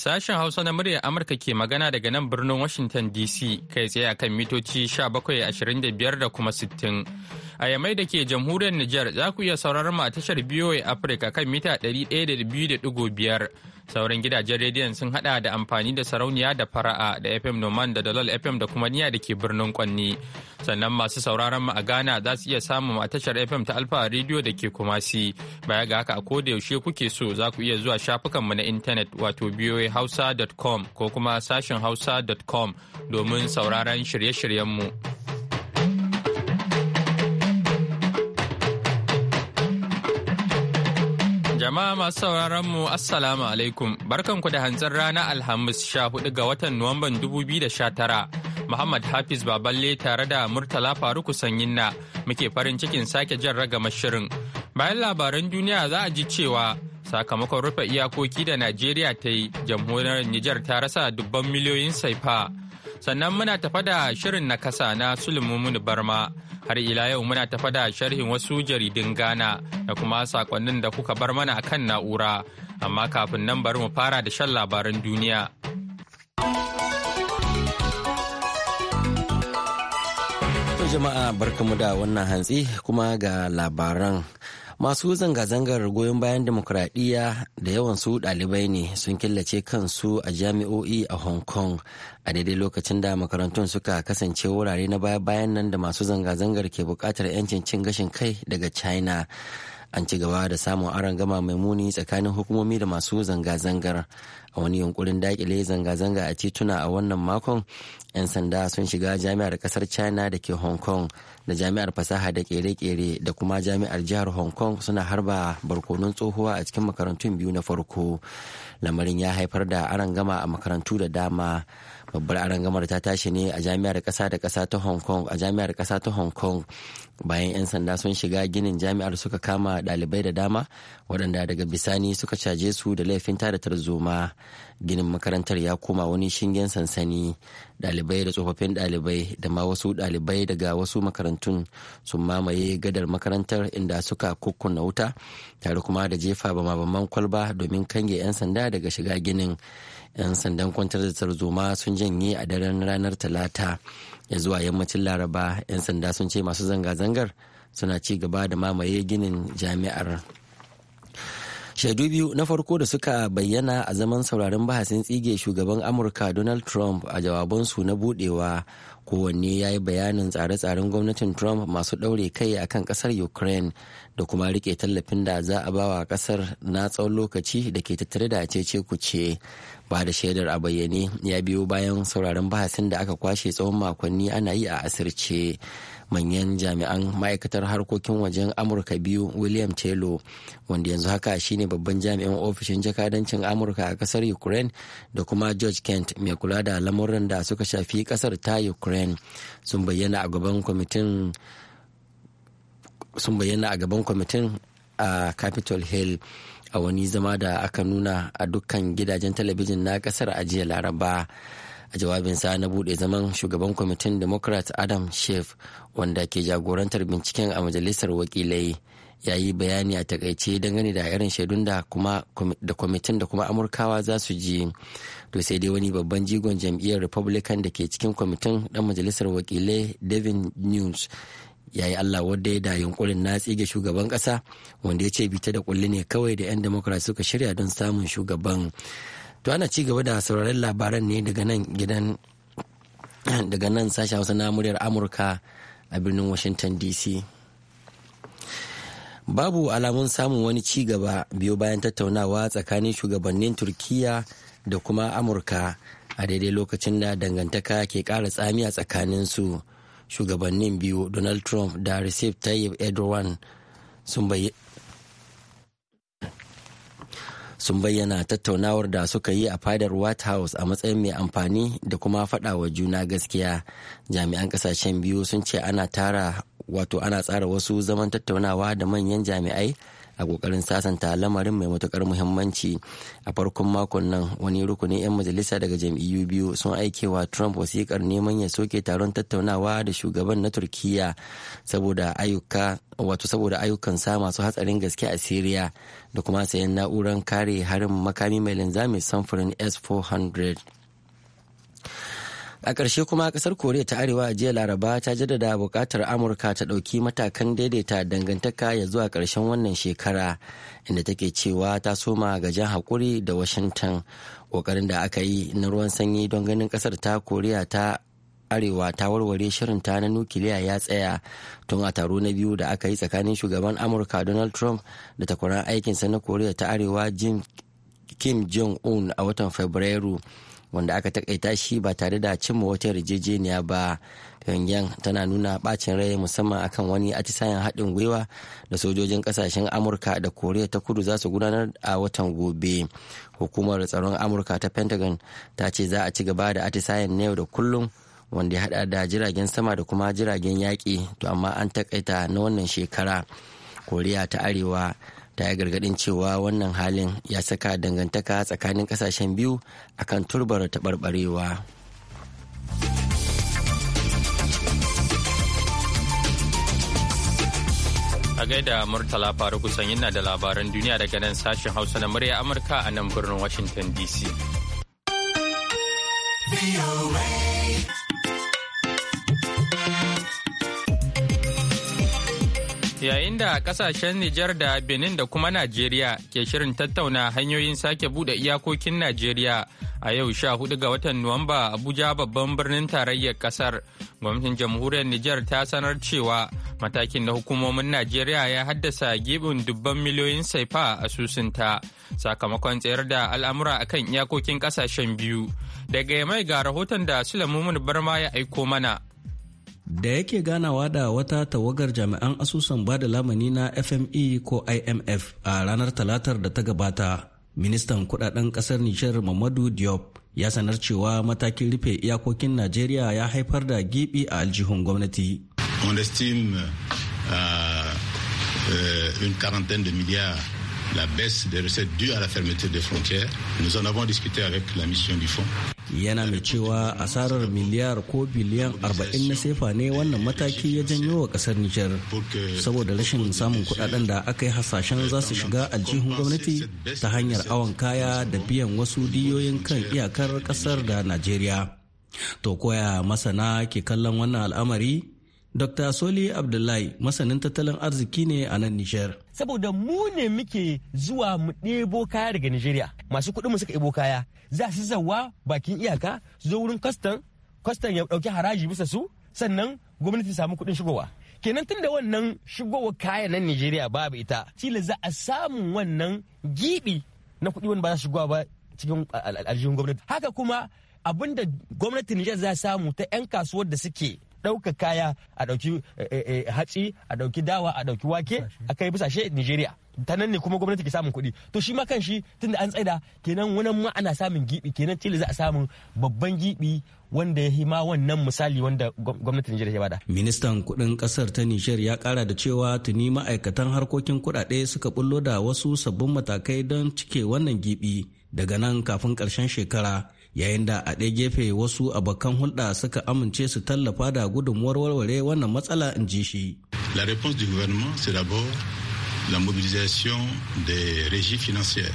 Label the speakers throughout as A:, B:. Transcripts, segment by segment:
A: Sashen Hausa na muryar Amurka ke magana daga nan birnin Washington DC kai tsaye a kan mitoci 1725 da kuma 60. A yamai da ke jamhuriyar Nijar za ku iya sauraron mu a tashar BOA Africa kan mita 102.5. Sauran gidajen rediyon sun hada da amfani da sarauniya da fara'a da FM Noman da dalal FM da kuma niya da ke birnin Kwanni. Sannan masu sauraron mu a Ghana za su iya samun a tashar FM ta Alfa rediyo da ke Kumasi. Baya ga haka a koda yaushe kuke so za ku iya zuwa shafukan mu na intanet wato voahausa.com ko kuma sashen hausa.com domin sauraron shirye shiryen mu Jama'a masu sauraron mu Assalamu alaikum barkanku da hanzar rana Alhamis 14 ga watan Nuwamban 2019 Muhammad Hafiz Baballe tare da Murtala Faruku Sanyinna muke farin cikin sake jan ragama shirin. Bayan labaran duniya za a ji cewa sakamakon rufe iyakoki da Najeriya ta yi jamhuriyar Nijar ta rasa dubban miliyoyin saifa sannan muna tafa da shirin na kasa na Sulumumun Barma har ila yau muna tafa da sharhin wasu jaridun Ghana da kuma sakonnin da kuka bar mana a kan na'ura amma kafin nan bari mu fara da shan labaran duniya.
B: jama'a barkamu da wannan hantsi kuma ga labaran masu zanga-zangar goyon bayan demokuraɗiyya da yawansu ɗalibai ne sun killace kansu a jami'o'i a hong kong a daidai lokacin da makarantun suka kasance wurare na baya-bayan nan da masu zanga-zangar ke buƙatar 'yancin cin gashin kai daga china an ci gaba da samun aron gama mai muni tsakanin hukumomi da masu zanga-zangar a wani yunkurin dakile zanga-zanga a tituna a wannan makon 'yan sanda sun shiga jami'ar kasar china da ke hong kong da jami'ar fasaha da kere-kere da kuma jami'ar jihar hong kong suna harba barkonon tsohuwa a cikin makarantun biyu na farko lamarin ya haifar da gama a makarantu da dama babbar arangamar ta tashi ne a jami'ar kasa da kasa ta hong kong a jami'ar kasa ta hong kong bayan 'yan sanda sun shiga ginin jami'ar suka kama dalibai da dama waɗanda daga bisani suka caje su da laifin tada tarzoma ginin makarantar ya koma wani shingen sansani dalibai da tsofaffin dalibai da ma wasu dalibai daga wasu makarantun sun mamaye gadar makarantar inda suka kukkuna wuta tare kuma da jefa bama-baman kwalba domin kange 'yan sanda daga shiga ginin 'yan sandan kwantar da tarzoma sun janye a daren ranar talata ya zuwa yammacin laraba 'yan sanda sun ce masu zanga-zangar suna ci gaba da mamaye ginin jami'ar shaidu biyu na farko da suka bayyana a zaman sauraron bahasin tsige shugaban amurka donald trump a jawabansu na budewa kowanne ya yi bayanin tsare-tsaren gwamnatin trump masu ɗaure kai a kan ƙasar ukraine da kuma rike tallafin da za a bawa ƙasar na tsawon lokaci da ke tattare da cece kuce ba da shaidar a bayyane ya biyo bayan sauraron bahasin da aka kwashe tsawon makonni ana yi a asirce manyan jami'an ma'aikatar harkokin wajen amurka biyu william taylor wanda yanzu haka shine babban jami'an ofishin jakadancin amurka a kasar ukraine da kuma george kent mai kula da lamuran da suka shafi kasar ta ukraine sun bayyana a gaban kwamitin sun bayyana a gaban kwamitin a capitol hill a wani zama da aka nuna a dukkan gidajen talabijin na kasar a laraba a jawabinsa na bude zaman shugaban kwamitin democrat adam schiff wanda ke jagorantar binciken a majalisar wakilai ya yi bayani a takaice dangane da irin shaidun da kwamitin da kuma amurkawa za su ji to sai dai wani babban jigon jam'iyyar republican da ke cikin kwamitin dan majalisar wakilai devin news ya yi allah wadda da yunkurin na tsige shugaban kasa wanda ya ce bita da kulli ne kawai da 'yan democrat suka shirya don samun shugaban to ana ci gaba da sauraron labaran ne daga nan gidan daga nan sashen hausa na muryar amurka a birnin washington dc babu alamun samun wani ci gaba biyo bayan tattaunawa tsakanin shugabannin turkiyya da kuma amurka a daidai lokacin da dangantaka ke kara tsami a tsakanin su shugabannin biyu donald trump da recep tayyip erdogan sun sun bayyana tattaunawar da suka yi a fadar white house a matsayin mai amfani da kuma faɗawa juna gaskiya jami'an kasashen biyu sun ce ana tara wato ana tsara wasu zaman tattaunawa da manyan jami'ai a kokarin sasanta lamarin mai matukar muhimmanci a farkon makon nan wani rukunin 'yan majalisa daga jam'iyyu biyu sun aikewa trump wasikar neman ya soke taron tattaunawa da shugaban na turkiya saboda ayyuka wato saboda ayyukan sa masu hatsarin gaske a syria da kuma sayan na'urar kare harin makami mai linzami samfurin s 400 a ƙarshe kuma ƙasar koriya ta arewa a jiya laraba ta jaddada buƙatar amurka ta ɗauki matakan daidaita dangantaka ya zuwa ƙarshen wannan shekara inda take cewa ta soma gajen haƙuri da washington ƙoƙarin da aka yi na ruwan sanyi don ganin ƙasar ta koriya ta arewa ta warware shirinta na nukiliya ya tsaya tun a taro na biyu da aka yi tsakanin shugaban amurka donald trump da takwaran aikinsa na koriya ta arewa kim jong un a watan fabrairu wanda aka takaita shi ba tare da cimma wata yarjejeniya ba pyongyang tana nuna bacin rai musamman akan wani atisayen haɗin gwiwa da sojojin ƙasashen amurka da koriya ta kudu za su gudanar a watan gobe hukumar tsaron amurka ta pentagon ta ce za a ci gaba da atisayen na yau da kullum wanda ya haɗa da jiragen sama da kuma jiragen yaƙi to amma an takaita na wannan shekara koriya ta arewa ta yi gargadin cewa wannan halin ya saka dangantaka tsakanin kasashen biyu a akan turbar taɓarɓarewa.
A: a gaida murtala faru kusan yana da labaran duniya daga nan sashen hausa na murya amurka a nan birnin washington dc. Yayin da kasashen Nijar da Benin da kuma Najeriya ke shirin tattauna hanyoyin sake bude iyakokin Najeriya a yau sha hudu ga watan Nuwamba Abuja babban birnin tarayyar kasar. Gwamnatin jamhuriyar Nijar ta sanar cewa matakin na hukumomin Najeriya ya haddasa gibin dubban miliyoyin saifa a susunta sakamakon tsayar da al'amura akan iyakokin kasashen biyu. Daga mai ga rahoton da Sulaimun Barma ya aiko mana.
C: da yake ganawa da wata tawagar jami'an asusun bada lamani na fme ko imf a ranar talatar da ta gabata ministan kudaden kasar nishar mamadu diop ya sanar cewa matakin rufe iyakokin najeriya ya haifar da gibi a aljihun gwamnati
D: on estime uh,
A: uh, une quarantaine de milliards la baisse des recettes dues à la fermeture des frontières. Nous en avons discuté avec la mission du fonds.
C: yana mai cewa asarar miliyar ko biliyan arba'in na sefa ne wannan mataki ya janyo wa kasar Nijar saboda rashin samun kudaden da aka yi hasashen za su shiga aljihun gwamnati ta hanyar awon kaya da biyan wasu diyoyin kan iyakar kasar da Najeriya. To koya masana ke kallon wannan al'amari? Dr. Soli Abdullahi masanin tattalin arziki ne a nan Nijar.
E: Saboda mu ne muke zuwa mu ɗebo kaya daga Nijeriya. Masu kuɗin mu suka ɗebo kaya za su zawa bakin iyaka su zo wurin kwastan, kwastan ya ɗauki haraji bisa su sannan gwamnati samu kuɗin shigowa. Kenan tun da wannan shigowar kaya nan Nijeriya babu ita, tila za a samun wannan giɓi na kuɗi wanda ba za shigowa ba cikin aljihun gwamnati. Haka kuma abinda gwamnati Nijar za samu ta 'yan kasuwar da suke ɗaukar kaya a ɗauki eh, eh, eh, hatsi a ɗauki dawa a ɗauki wake a kai busashe nigeria ta nan ne kuma gwamnati ke samun kuɗi to shi ma kan shi tunda an tsaida kenan wani ma ana samun gibi kenan tilo za a samu babban gibi wanda ya hima wannan misali
C: wanda gwamnatin nigeria ya bada. Ministan kuɗin ƙasar ta Nijar ya ƙara da cewa tuni ma'aikatan harkokin kuɗaɗe suka bullo da wasu sabbin matakai don cike wannan gibi daga nan kafin ƙarshen shekara. yayin da a ɗaya gefe wasu abokan hulɗa suka amince su tallafa da gudunmuwar warware wannan matsala in ji shi.
A: La réponse du gouvernement c'est d'abord la mobilisation des régies financières.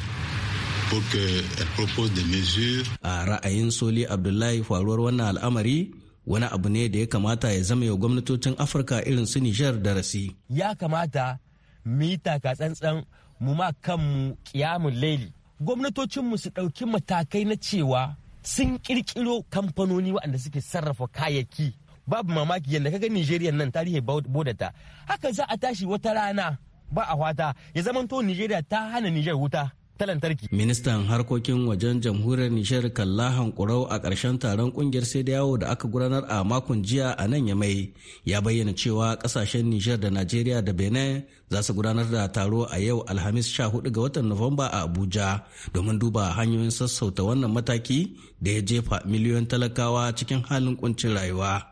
C: A ra'ayin Soli Abdullahi faruwar wannan al'amari wani abu ne da ya kamata ya zama yau gwamnatocin Afirka irin su Nijar da Rasi. Ya kamata
E: mu yi taka tsantsan mu ma kanmu kiyamun laili. Gwamnatocinmu su ɗauki matakai na cewa sun kirkiro kamfanoni waɗanda suke sarrafa kayayyaki babu mamaki yadda kaga Nigeria nan tarihi bodata haka za a tashi wata rana ba a wata ya zamanto Nigeria ta hana Niger wuta
C: ta lantarki. Ministan harkokin wajen jamhuriyar Nijar Kallahan Kurau a ƙarshen taron ƙungiyar sai da yawo da aka gudanar a makon jiya a nan Yamai ya bayyana cewa ƙasashen Nijar da Najeriya da Benin za su gudanar da taro a yau Alhamis 14 ga watan Nuwamba a Abuja domin duba hanyoyin sassauta wannan mataki da ya jefa miliyoyin talakawa cikin halin kuncin rayuwa.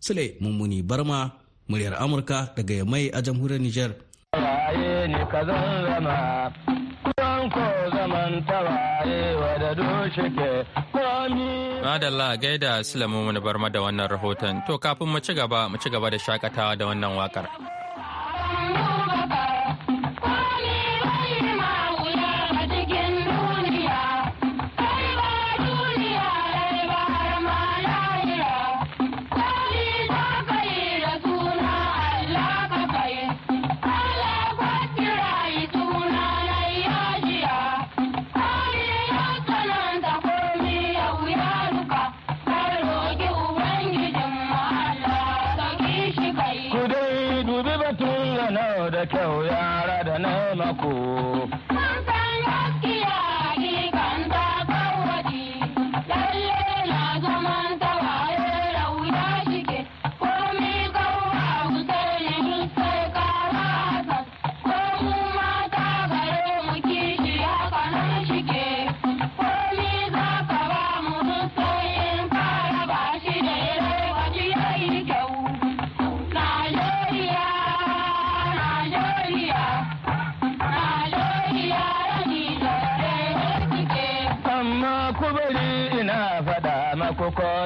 C: Sule Mummuni Barma, muryar Amurka daga Yamai a jamhuriyar Nijar.
E: ko zaman da dushe ke komi.
A: Madalla gaida Sulamu mun bar da wannan rahoton. To kafin mu ci gaba mu ci gaba da shakatawa da wannan wakar.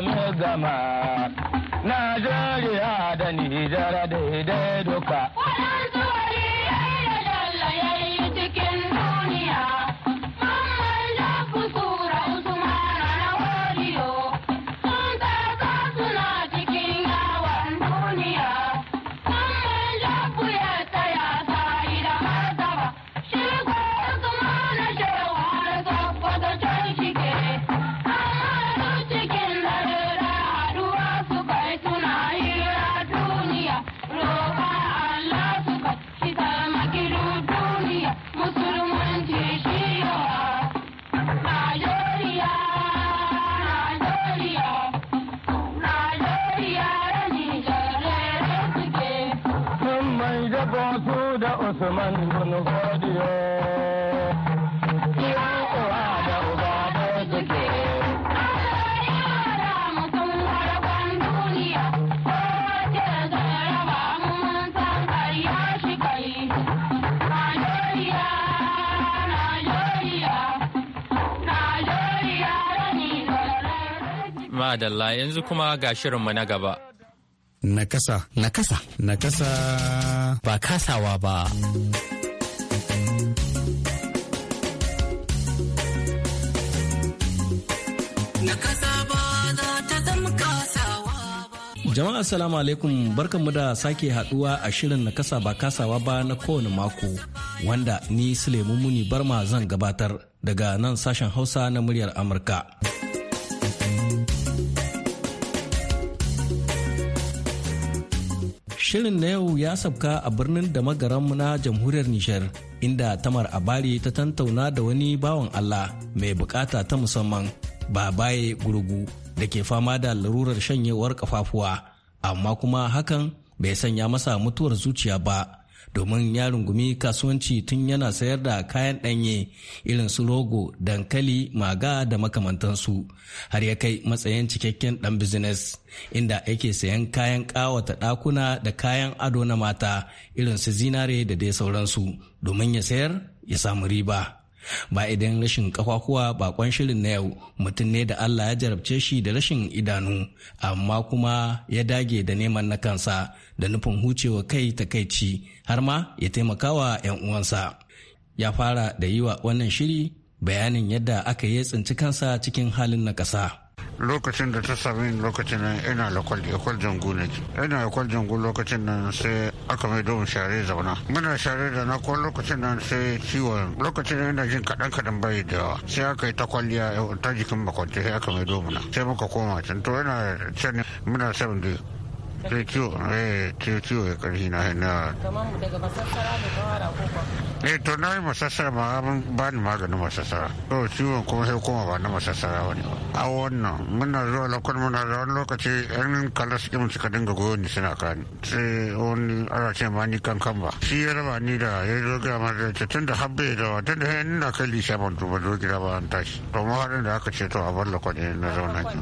F: ಮ
A: Madalla yanzu kuma ga shirinmu na gaba.
G: Nakasa. Nakasa. Nakasa. Ba kasawa ba.
C: Jama'a salamu alaikum barkanmu da sake haduwa a shirin na kasa ba kasawa ba na kowane mako wanda ni Sulemu Muni Barma zan gabatar daga nan sashen Hausa na muryar Amurka. Shirin na yau ya sabka a birnin da magaram na jamhuriyar nijar inda Tamar Abari ta tantauna da wani bawan Allah mai bukata ta musamman, ba baye gurgu da ke fama da larurar shanyewar kafafuwa, amma kuma hakan bai sanya masa mutuwar zuciya ba. domin ya rungumi kasuwanci tun yana sayar da kayan ɗanye irin su rogo dankali maga da makamantansu har ya kai matsayin cikakken ɗan bizines inda yake sayan kayan ƙawata ɗakuna da kayan ado na mata irin su zinare da dai sauransu domin ya sayar ya samu riba ba idan rashin kafafuwa bakon shirin na yau mutum ne da allah ya jarabce shi da rashin idanu amma kuma ya dage da neman na kansa da nufin hucewa kai takaici har ma ya taimakawa 'yan uwansa ya fara da yi wa wannan shiri bayanin yadda aka yi tsinci kansa cikin halin na kasa.
H: lokacin da ta sami lokacin nan ina lakwal ikwal jangu ne ina ikwal jangu lokacin nan sai aka mai domin share zauna muna share da na kwan lokacin nan sai ciwon lokacin nan ina jin kaɗan kaɗan bai da yawa sai aka yi ta kwalliya ta jikin makwanci sai aka mai domin sai muka koma can to ina can muna samun da sai ciwo eh ciwo ya karfi na na
G: kamar daga ko
H: eh to na yi masassara ma ba ni maganin masassara to ciwon kuma sai kuma ba na masassara wani ba a wannan muna zuwa lakon muna da wani lokaci yan kalas ɗin suka dinga goyon ni suna kani sai wani ana ce ma ni kankan ba shi ya raba ni da ya zo gida ma da tun da habbe da wa tun da yan na kai lisa ban duba zo gida ba an tashi to ma haɗin da aka ce to a bar lakon ne na zauna ki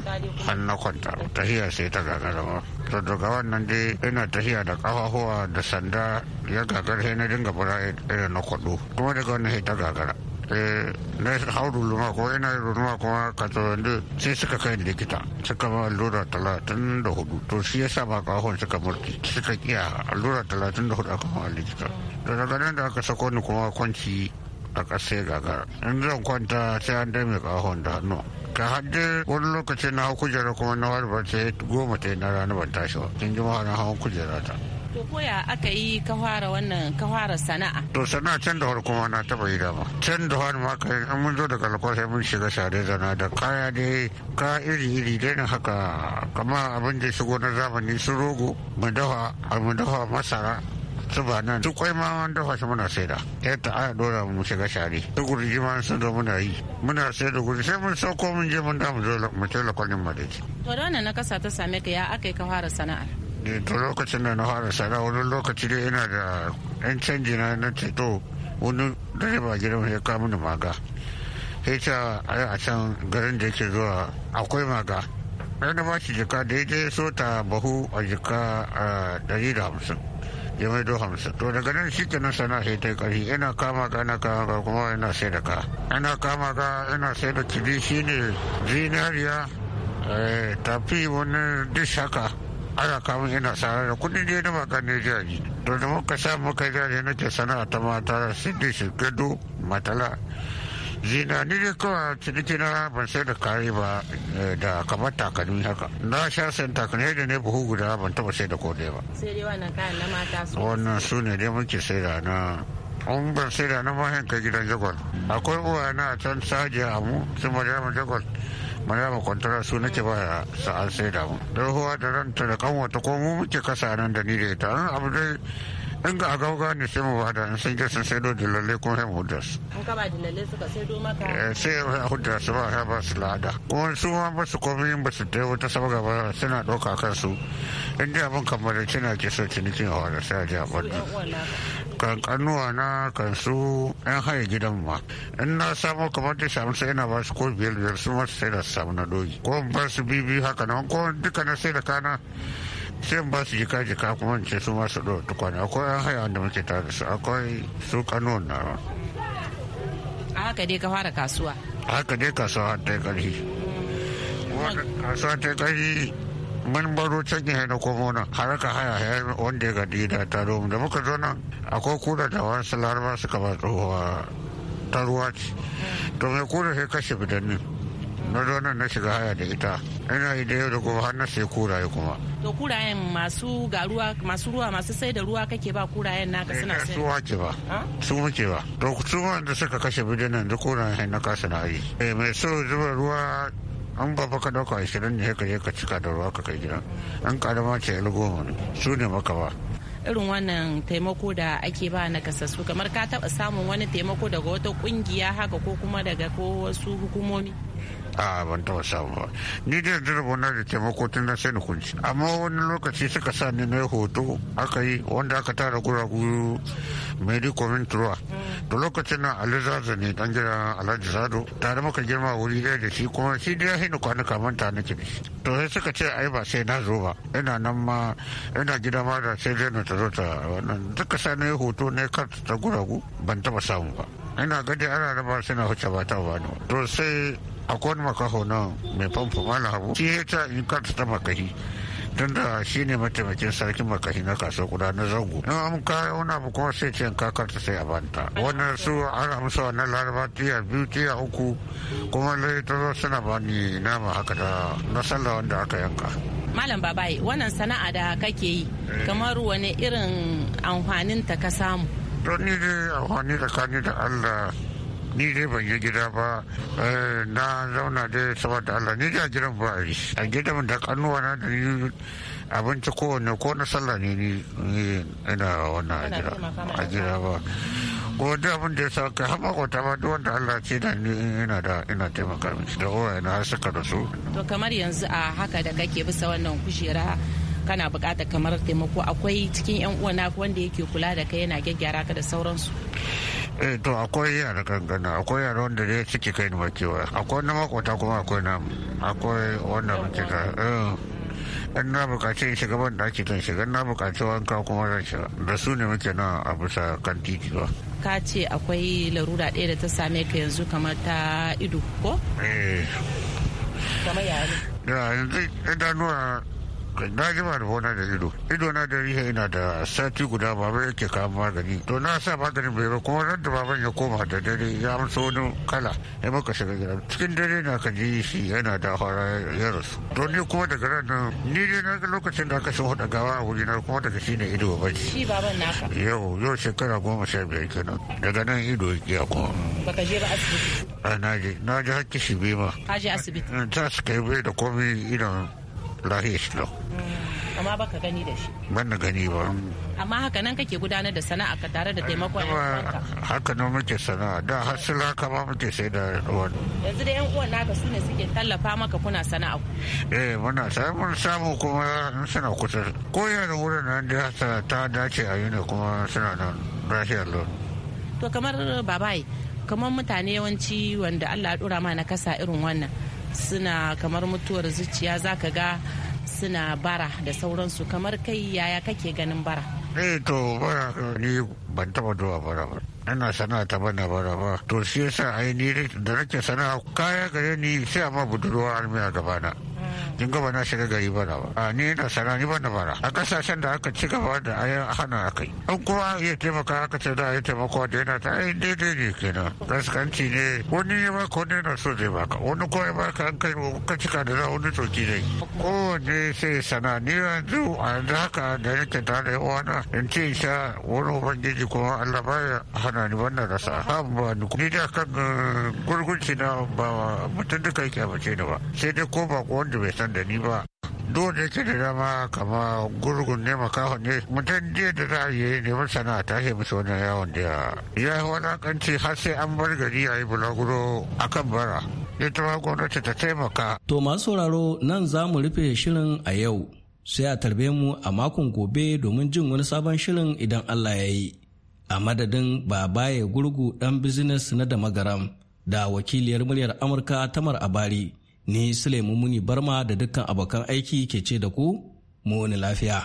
H: an na kwanta ta hiya sai ta gagara ba to daga wannan dai ina tafiya da kafafuwa da sanda ya gagara sai na dinga fara irin na kwado kuma daga wannan sai ta gagara eh, na hau ruluma ko ina ruluma kuma ka wanda sai suka kai likita suka ma allura talatin da hudu to shi ya sa ba kahon suka murki suka kiya allura talatin da hudu aka ma likita da daga nan da aka sako ni kuma kwanci a ƙasa ya gagara in zan kwanta sai an dai mai kahon da hannu ka hadde wani lokacin na hau kujera kuma na wani ba sai goma ta na rana ban tashi ba tun jima na hawan kujera ta
G: to koya aka yi ka fara wannan ka fara sana'a
H: to sana'a can da kuma na taba yi dama can da har ma kai an mun zo daga lakwa sai mun shiga sare zana da kaya dai ka iri iri dai na haka Kamar abin da shigo na zamani su rogo mu dafa mu dafa masara zuba nan duk kwai ma an dafa shi muna saida yadda aya dora mu shiga shari duk gurji ma sun zo muna yi muna saida gurji sai mun sauko mun je mun damu zo mu tela kwanin madaji.
G: to da wannan na kasa ta same ka ya aka yi ka fara sana'ar.
H: Eh, to lokacin da na fara sana'a wani lokaci dai ina da yan canji na na ceto wani direba gidan ya kawo mini maga sai ta a can garin da yake zuwa akwai maga na ba shi jika daidai so ta bahu a jika eh, ɗari da hamsin ya mai do hamsin to daga nan shi kenan sana sai ta kari ina kama ka ina kama ka kuma ina sai da ka ina kama ka ina sai da kibi shine zinariya eh, tafi wani duk haka ana kama ina sarar da kudi ne na maka ne jari to da muka sa muka jari nake sana'a ta mata su shi gado matala ni ne kawai ciniki na ban sai da kare ba eh, da kamar takalmi haka na sha san takalmi da ne buhu guda ban taba sai da kodai ba
G: sai dai wannan kayan na mata su
H: wannan su ne dai muke sai da na an ban sai da na mahin kai gidan jagwal akwai uwa na can sajiya sun su maryama jagwal ma kwantara su nake ba ya sa'an sai da mu don huwa da ranta da kanwata ko mu muke kasa nan da ni da ita abu dai in ga agauga ne sai mu bada in sun je sun saido dilalle kuma sai mu hudda
G: An kaba ka ba dilalle suka saido maka eh,
H: sai a hudda su ba sai ba su lada kuma su ma ba su komai ba su ta wata sabga ba suna ɗauka su. in ji abin kamar kina ke so cinikin a wani sai a ji a kan kanuwa na kan su an haye gidan ma in na samu kamar ta samu sai ina ba su ko biyar biyar su ma sai da samu na dogi ko ba su bibi haka nan ko duka na sai da kana sai ba su jika jika kuma ce su masu ɗora tukwane akwai an haya wanda muke tare su akwai su kano na
G: a haka dai ka fara kasuwa
H: a haka dai kasuwa ta yi ƙarfi kasuwa ta yi ƙarfi mun baro can yi na komo nan har ka haya haya wanda ya gadi da ta domin da muka zo nan akwai kura da wasu ba suka ba tsohuwa ta ruwa ce to mai kura sai kashe bidannin na zo nan na shiga haya da ita ina yi da yau da gobe har na sai kuraye kuma
G: to kurayen masu ga ruwa masu ruwa masu sai da ruwa kake ba kurayen naka eh, suna sai su
H: wace ba su muke ba to su wanda suka kashe bidinan da kurayen na kasa na yi eh mai so zuba ruwa an ba baka dauka ashirin ne ka je ka cika da ruwa ka kai gida an karama ce yar goma ne su ne maka ba
G: irin wannan taimako da ake ba na kasassu kamar ka taba samun wani taimako daga wata kungiya haka ko kuma daga ko wasu hukumomi
H: a ah, ban taɓa samu ba ni da direba na da taimako tun na sai ni kunci amma wani lokaci suka sa ni na hoto aka yi wanda aka tara guragu medi turuwa to lokacin na alizaza ne dan gida alhaji sado tare maka girma wuri ɗaya da shi kuma shi da ya hini kwanuka manta ta da shi to sai suka ce ai ba sai na zo ba ina nan ma ina gida ma da sai dai na ta zo ta wannan duka sa na hoto ne kar ta guragu ban taɓa samu ba ina gadi ana raba suna huce ba ta wani to sai akwai makaho na mai famfo mana habu shi ya ta in ka ta makahi tun da shi ne mataimakin sarkin makahi na kasuwar guda na zango na an kaya wani abu kuma sai ce ka karta sai a banta wannan su amsa wa na laraba tiya biyu tiya uku kuma lai ta zo suna bani nama haka da na sallah wanda aka yanka
G: malam babaye wannan sana'a da kake yi eh. kamar wani irin amfanin ta ka samu don ni
H: dai amfani da kani da allah ni dai ban yi gida ba eh, na zauna dai saboda Allah ni da gidan ba a gida mun da kanuwa na da ni abinci kowane ko na sallah ne ni ina wannan a gida ba ko da abin da ya sa ka hama kwata ma duk Allah ce da ni ina da ina taimaka da waye yana suka da su
G: to kamar yanzu a haka da kake bisa wannan kujera kana buƙatar kamar taimako akwai cikin yan uwa na wanda yake kula da kai yana gyaggyara ka da sauransu
H: eh to akwai yara gangana, akwai yara wanda dai suke kai ni makewa akwai wanda makwata kuma akwai na akwai wanda muke ka eh. in na bukaci shiga ban daki kan shiga na bukaci wanka kuma zan shiga da su ne muke na a bisa kan titi ba
G: ka ce akwai larura ɗaya da ta same ka yanzu kamar ta ido ko eh kamar yaya
H: da yanzu idanuwa na jima da bona da ido ido na da riha ina da sati guda baban yake kama magani to na sa maganin bai ba kuma ran da baban ya koma da dare ya musu wani kala ya maka shiga gida cikin dare na ka ji shi yana da hora ya rasu to ni kuma daga ran nan ni dai na ga lokacin da aka shi hudu gawa a wuri na kuma daga shi ne ido ba
G: shi baban naka
H: yau yau shekara goma sha biyar kenan daga nan ido ya kuma
G: baka je ba asibiti
H: na je na ji hakki shi bima
G: ka je asibiti
H: eh, ta su kai bai da komai idan lahish lau
G: amma baka gani da shi
H: ban na gani ba
G: amma haka nan kake gudanar da sana'a ka tare da taimakon yan
H: haka nan muke sana'a da hasila haka ba muke sai da wani
G: yanzu da yan uwan naka su ne suke tallafa maka kuna sana'a
H: eh muna samun samu kuma suna kusa ko yana wurin nan da ta dace a yi ne kuma suna nan rashin lau
G: to kamar babai kamar mutane yawanci wanda Allah ya dora ma na kasa irin wannan suna kamar mutuwar zuciya zaka ga suna bara da sauransu kamar kai yaya kake ganin bara
H: eh to bara ni ban taba zuwa bara ba ina sana ta bana bara ba to shi yasa ni da nake sana. kaya gare ni sai amma budurwa almiya na kin gaba na shiga gari bana ba a ni na sana ni bana bara a kasashen da aka ci gaba da ayan hana a kai an kuma iya taimaka aka ce da ya taimako da yana ta ai daidai ne kenan gaskanci ne wani ya baka wani na so zai baka wani kuma ya baka an kai ka cika da za wani toki ne kowanne sai sana ni yanzu a da haka da nake tare wani in ce sha wani ubangiji kuma Allah baya magana ni wannan rasa ba ni da kan gurgunci na ba mutum duka yake mace ni ba sai dai ko ba wanda bai san da ni ba dole yake da dama kama gurgun ne makahon ne mutum jiya da za a yi neman sana'a ta shi musu wani yawon da ya yi wadakanci har sai an bar gari a yi bulaguro a kan bara
C: ita gwamnati ta taimaka. to masu sauraro nan za mu rufe shirin a yau sai a tarbe mu a makon gobe domin jin wani sabon shirin idan allah ya yi. a madadin babaye gurgu dan bizines na damagaram da wakiliyar muryar amurka tamar abari ni sulaimu muni barma da dukkan abokan aiki ke ce da ku mu
A: lafiya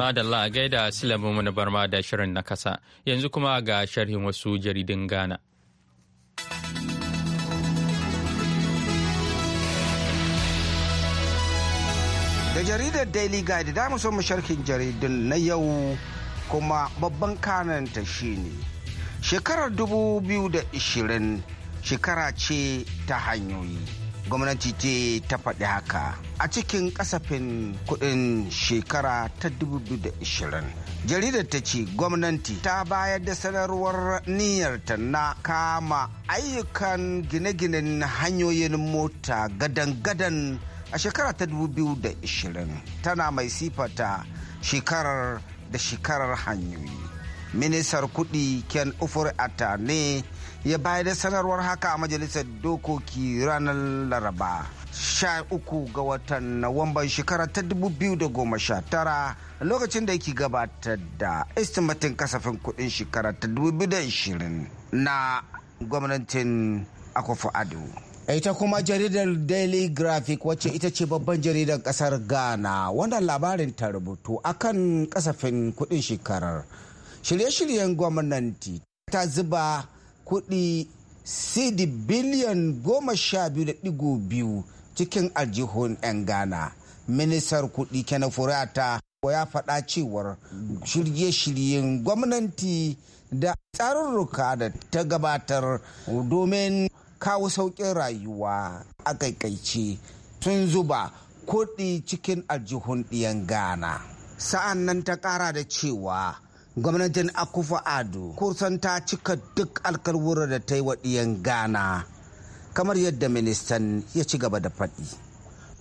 A: Madalla a gaida Sulaimu Muni Barma da shirin na kasa yanzu kuma ga sharhin wasu jaridin Ghana.
D: da jaridar daily guide da so mu sharhin jaridun na yau kuma babban kananta shine shekarar 2020 shekara ce ta hanyoyi gwamnati ce ta faɗi haka a cikin kasafin kuɗin shekara ta 2020 jaridar ta ce gwamnati ta bayar da sanarwar niyyarta na kama ayyukan gine-ginen hanyoyin mota gadan-gadan a shekara ta 2020 tana mai sifata shekarar da shekarar hanyoyi ministar kudi ken ufur ata ne ya bayar da sanarwar haka a majalisar dokoki ranar laraba 13 ga watan nawamban shekara ta 2019 lokacin da yake gabatar da istimatin kasafin kudin shekara ta 2020 na gwamnatin akwafo ado ita kuma jaridar daily graphic wacce ita ce babban jaridar kasar ghana wanda labarin ta rubutu akan kasafin kudin shekarar shirye-shiryen gwamnati ta zuba kudi cd biliyan goma sha biyu da digo biyu cikin aljihun 'yan ghana ministar kudi kenan furata ya faɗa cewar shirye-shiryen gwamnati da tsarurruka da ta gabatar domin kawo sauƙin rayuwa a kaikaice sun zuba kuɗi cikin aljihun ɗiyan ghana sa'an nan ta ƙara da cewa gwamnatin akufa ado kusan ta cika duk alkalwura da ta yi wa ɗiyan ghana kamar yadda ministan ya ci gaba da faɗi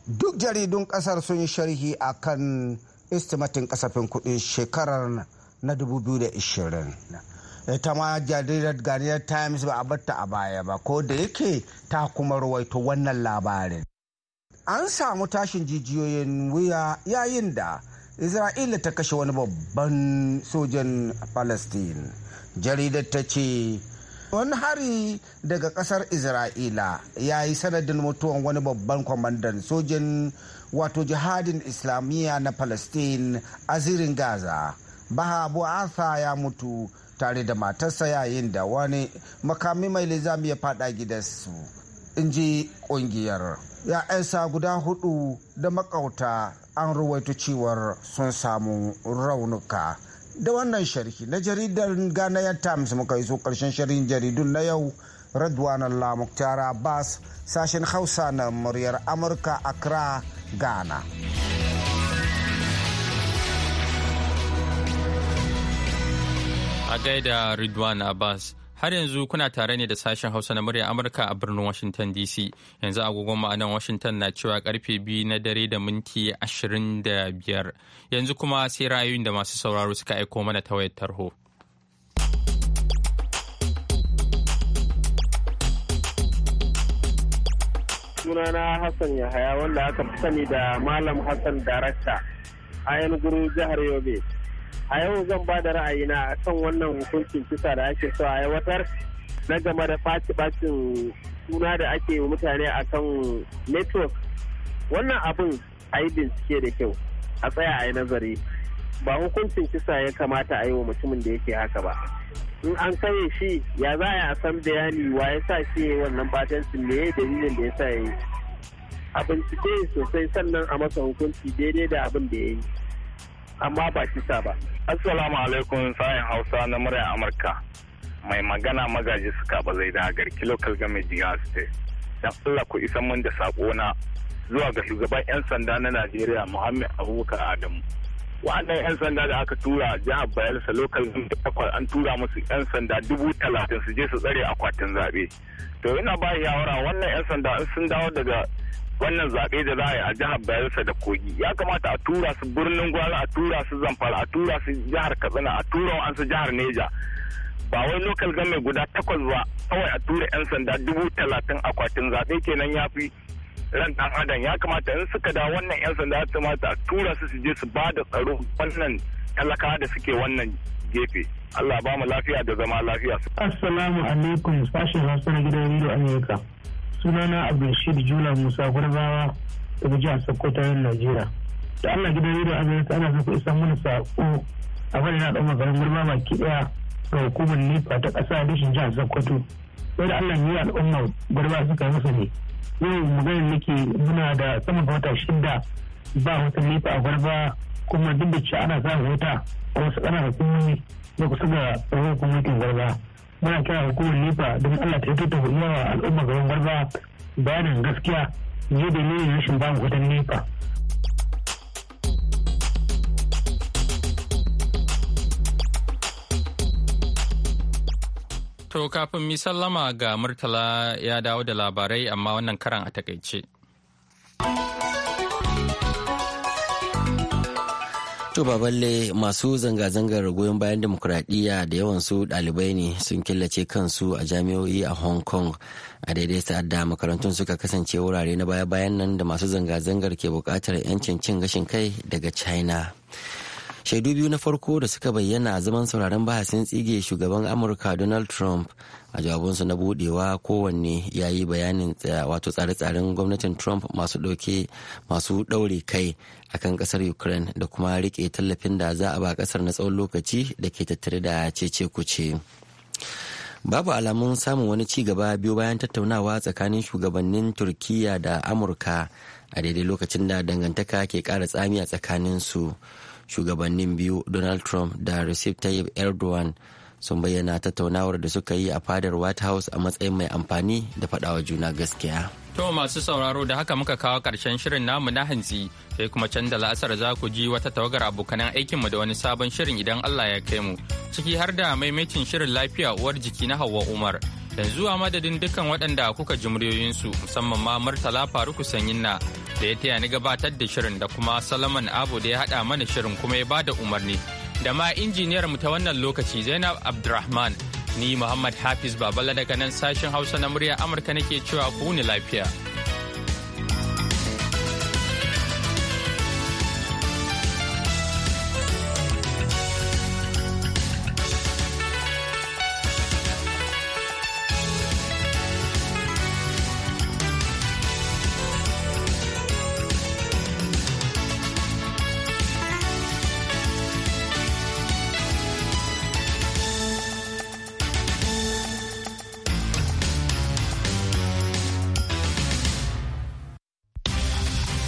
D: duk jaridun ƙasar sun yi sharhi a kan istimatin kasafin kuɗin shekarar na 2020 ita ma jaridar Ghanaian Times ba a batta a baya ba ko da yake ta kuma rawaito wannan labarin. An samu tashin jijiyoyin wuya yayin da Isra'ila ta kashe wani babban sojan Palestine. Jaridar ta ce wani hari daga kasar isra'ila ya yi sanadin mutuwan wani babban kwamandan sojan wato jihadin islamiyya na palestine a zirin gaza baha abu ya mutu tare da matarsa yayin da wani makami mai lizami ya fada gidansu in ji kungiyar ya'yansa guda hudu da makauta an ruwaito cewar sun samu raunuka da wannan sharhi na jaridar ya times muka iso karshen sharhin jaridun na yau radwan allah abbas sashen hausa na muryar amurka accra ghana
A: A gaida Ridwan Abbas. Har yanzu kuna tare ne da sashen Hausa na murya Amurka a birnin Washington DC. Yanzu agogon ma'anan Washington na cewa karfe biyu na dare da minti ashirin da biyar. Yanzu kuma sai ra'ayoyin da masu sauraro suka aiko mana ta wayar tarho.
C: Sunana Hassan Yahaya wanda aka fi sani da Malam Hassan Darakta a yan guru jihar Yobe. a yau zan ba da ra'ayina a kan wannan hukuncin kisa da ake so a aiwatar na game da ɓaci suna da ake yi mutane a kan network wannan abin a yi bincike da kyau a tsaya a yi nazari ba hukuncin kisa ya kamata a yi wa mutumin da yake haka ba in an kare shi ya za a san bayani wa ya sa shi wannan batancin me dalilin da ya sa ya yi a bincike sosai sannan a masa hukunci daidai da abin da ya yi amma ba kisa ba.
A: Assalamu alaikum sayin Hausa na murya Amurka. Mai magana magaji suka ba zai da garki local game jiya state. Dan Allah ku isa mun da na zuwa ga shugaban 'yan sanda na Najeriya Muhammad Abubakar Adamu. Waɗannan 'yan sanda da aka tura jihar Bayelsa local takwas an tura musu 'yan sanda dubu talatin su je su tsare akwatin zaɓe. To ina ba yawara wannan 'yan sanda sun dawo daga wannan zaɓe da za a yi a jihar Bayelsa da Kogi ya kamata a tura su birnin Gwara a tura su Zamfara a tura su jihar Katsina a tura an su jihar Neja ba wai local government guda takwas ba kawai a tura 'yan sanda dubu talatin akwatin zaɓe kenan ya fi ran ɗan adam ya kamata in suka da wannan 'yan sanda ya kamata a tura su su je su ba da tsaro wannan talaka da suke wannan gefe. Allah ba mu lafiya da zama lafiya.
H: Assalamu alaikum sashen Hausa na gidan Rido Amerika. sunana abdulrashid jula musa gurbawa
E: daga jihar sokoto yin najeriya da allah gidan rediyo amurka ana so ku isa mana saƙo
H: a bari na ɗaukar garin gurba baki ɗaya ga hukumar nipa ta ƙasa da shi jihar sokoto sai da allah yi al'umma gurba suka yi masa ne yau maganin nake muna da sama da wata shida ba wata nipa a gurba kuma duk da ci ana sa wuta a wasu
F: ƙananan hukumomi da kusa ga tsohon hukumomin gurba muna kira hukumar nipa don allah ta yi hurma wa al'umma gaban gwarza bayanin gaskiya ne da ne rashin ba mu
A: kudin nipa. To kafin mi ga Murtala ya dawo da labarai amma wannan karan a takaice.
B: To ba balle masu zanga-zangar goyon bayan demokuraɗiyya da yawansu ɗalibai ne sun killace kansu a jami'o'i a Hong Kong a daidai sa'ad da makarantun suka kasance wurare na baya-bayan nan da masu zanga-zangar ke buƙatar 'yancin cin gashin kai daga China. shaidu biyu na farko da suka bayyana zaman sauraron bahasin tsige shugaban amurka donald trump a jawabinsu na budewa kowanne ya yi bayanin wato tsare-tsaren gwamnatin trump masu ɗauke masu ɗaure kai akan ƙasar ukraine da kuma rike tallafin da za a ba ƙasar na tsawon lokaci da ke tattare da cece kuce babu alamun samun wani ci gaba biyu bayan tattaunawa tsakanin shugabannin turkiya da amurka a daidai lokacin da dangantaka ke kara tsami a tsakanin su shugabannin biyu donald trump da recep tayyip erdogan sun bayyana tattaunawar da suka yi a fadar white house a matsayin mai amfani da faɗawa juna gaskiya
A: to masu sauraro da haka muka kawo karshen shirin namu na hantsi sai kuma can da la'asar za ku ji wata tawagar abokanan aikinmu da wani sabon shirin idan allah ya kai mu ciki har da maimaitin shirin lafiya uwar jiki na hauwa umar yanzu a madadin dukkan waɗanda kuka ji muryoyinsu musamman ma murtala faruku sanyinna da ya taya ni gabatar da shirin da kuma salaman Abu da ya haɗa mana shirin kuma ya bada umarni. Da ma injiniyar mu ta wannan lokaci Zainab Abdulrahman ni Muhammad Hafiz Babala daga nan sashen Hausa na murya Amurka nake cewa ku ni lafiya.